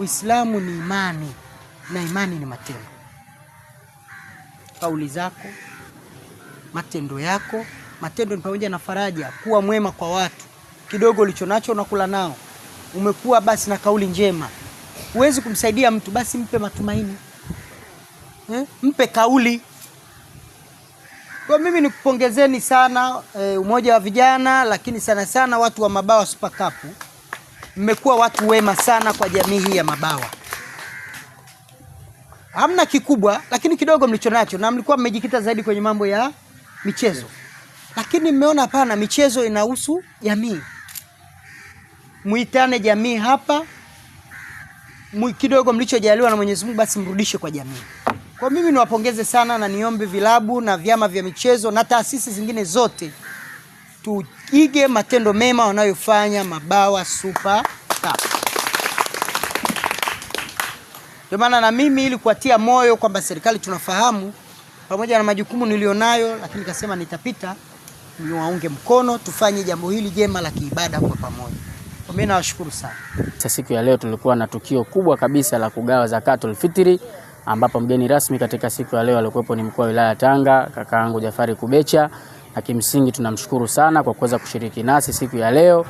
Uislamu ni imani na imani ni matendo. Kauli zako, matendo yako. Matendo ni pamoja na faraja, kuwa mwema kwa watu, kidogo ulicho nacho unakula nao. Umekuwa basi na kauli njema, huwezi kumsaidia mtu, basi mpe matumaini eh? Mpe kauli kwa mimi nikupongezeni sana eh, umoja wa vijana, lakini sana sana watu wa Mabawa Super Cup mmekuwa watu wema sana kwa jamii hii ya Mabawa. Hamna kikubwa, lakini kidogo mlicho nacho na mlikuwa mmejikita zaidi kwenye mambo ya michezo, lakini mmeona hapana, michezo inahusu jamii. Muitane jamii hapa, kidogo mlichojaliwa na Mwenyezi Mungu, basi mrudishe kwa jamii. Kwa mimi niwapongeze sana na niombe vilabu na vyama vya michezo na taasisi zingine zote tuige matendo mema wanayofanya Mabawa Super Cup. Ndio maana na mimi ili kuatia moyo kwamba serikali tunafahamu pamoja na majukumu nilionayo, lakini kasema nitapita, niwaunge mkono, tufanye jambo hili jema la kiibada kwa pamoja. Mimi nawashukuru sana. Siku ya leo tulikuwa na tukio kubwa kabisa la kugawa zakatul fitri ambapo mgeni rasmi katika siku ya leo alikuwepo ni mkuu wa wilaya Tanga, kakaangu Jafari Kubecha na kimsingi tunamshukuru sana kwa kuweza kushiriki nasi siku ya leo.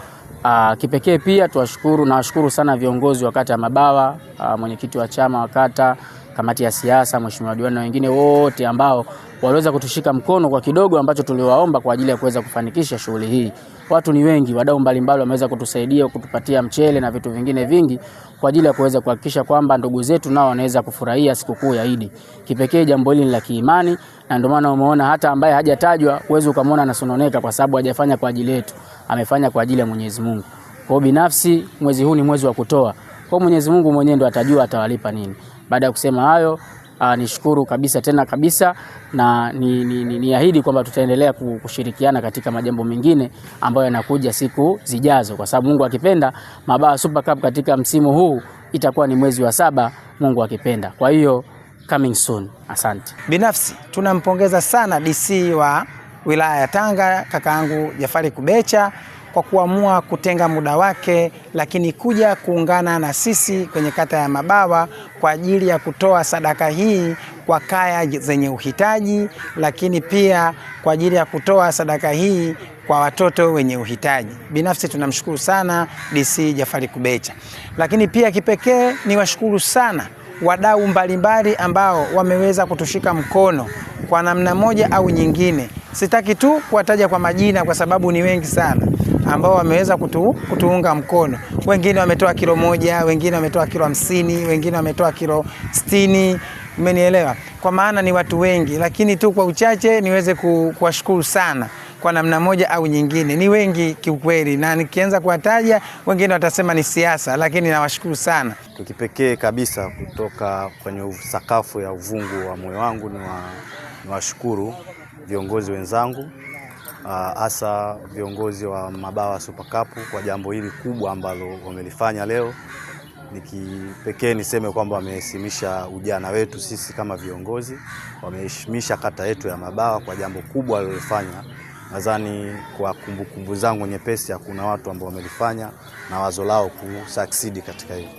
Ah, kipekee pia tuwashukuru, nawashukuru sana viongozi wa kata ya Mabawa, ah, mwenyekiti wa chama wa kata kamati ya siasa, mheshimiwa diwani na wengine wote ambao waliweza kutushika mkono kwa kidogo ambacho tuliwaomba kwa ajili ya kuweza kufanikisha shughuli hii. Watu ni wengi, wadau mbalimbali wameweza kutusaidia kutupatia mchele na vitu vingine vingi kwa ajili ya kuweza kuhakikisha kwamba ndugu zetu nao wanaweza kufurahia sikukuu ya Idi. Kipekee jambo hili ni la kiimani, na ndio maana umeona hata ambaye hajatajwa uweze ukamwona anasononeka, kwa sababu hajafanya kwa ajili yetu, amefanya kwa ajili ya Mwenyezi Mungu. Kwa binafsi, mwezi huu ni mwezi wa kutoa. Kwa Mwenyezi Mungu mwenyewe ndo atajua atawalipa nini. Baada ya kusema hayo, nishukuru kabisa tena kabisa na niahidi ni, ni, ni kwamba tutaendelea kushirikiana katika majambo mengine ambayo yanakuja siku zijazo, kwa sababu Mungu akipenda Mabaa Super Cup katika msimu huu itakuwa ni mwezi wa saba, Mungu akipenda. Kwa hiyo coming soon. Asante. Binafsi tunampongeza sana DC wa wilaya ya Tanga kakaangu Jafari Kubecha kwa kuamua kutenga muda wake, lakini kuja kuungana na sisi kwenye kata ya Mabawa kwa ajili ya kutoa sadaka hii kwa kaya zenye uhitaji, lakini pia kwa ajili ya kutoa sadaka hii kwa watoto wenye uhitaji. Binafsi tunamshukuru sana DC Jafari Kubecha, lakini pia kipekee ni washukuru sana wadau mbalimbali ambao wameweza kutushika mkono kwa namna moja au nyingine. Sitaki tu kuwataja kwa majina kwa sababu ni wengi sana ambao wameweza kutu, kutuunga mkono. Wengine wametoa kilo moja, wengine wametoa kilo hamsini, wengine wametoa kilo sitini, umenielewa? Kwa maana ni watu wengi, lakini tu kwa uchache niweze kuwashukuru sana kwa namna moja au nyingine. Ni wengi kiukweli, na nikianza kuwataja wengine watasema ni siasa, lakini nawashukuru sana. Tukipekee kabisa kutoka kwenye sakafu ya uvungu wa moyo wangu ni washukuru viongozi wenzangu Ah, hasa uh, viongozi wa Mabawa Super Cup kwa jambo hili kubwa ambalo wamelifanya leo. Nikipekee niseme kwamba wameheshimisha ujana wetu sisi kama viongozi, wameheshimisha kata yetu ya Mabawa kwa jambo kubwa walilofanya. Nadhani kwa kumbukumbu zangu nyepesi, hakuna watu ambao wamelifanya na wazo lao kusucceed katika hiyo.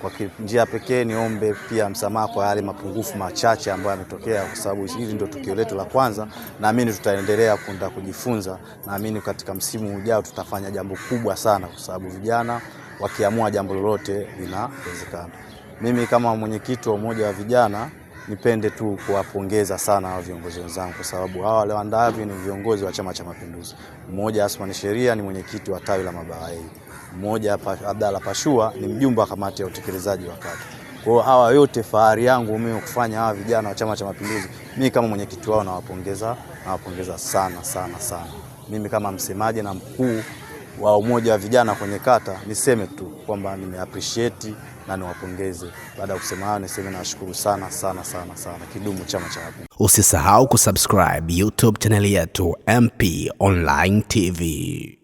Kwa njia pekee niombe pia msamaha kwa yale mapungufu machache ambayo yametokea, kwa sababu hili ndio tukio letu la kwanza. Naamini tutaendelea kunda kujifunza. Naamini katika msimu ujao tutafanya jambo kubwa sana, kwa sababu vijana wakiamua jambo lolote linawezekana. Mimi kama mwenyekiti wa umoja wa vijana nipende tu kuwapongeza sana hawa viongozi wenzangu, kwa sababu hawa walioandaavyo ni viongozi wa Chama cha Mapinduzi. Mmoja Asmani Sheria ni mwenyekiti wa tawi la Mabawaei, mmoja Abdalla Pashua ni mjumbe wa kamati ya utekelezaji wa kata. Kwa hiyo hawa yote fahari yangu mimi kufanya hawa vijana wa Chama cha Mapinduzi, mimi kama mwenyekiti wao nawapongeza, nawapongeza sana sana sana. Mimi kama msemaji na mkuu wa umoja wa vijana kwenye kata, niseme tu kwamba nimeappreciate na niwapongeze. Baada ya kusema hayo, niseme nawashukuru sana sana sana sana. Kidumu chama cha mapinduzi! Usisahau kusubscribe YouTube chaneli yetu MP Online TV.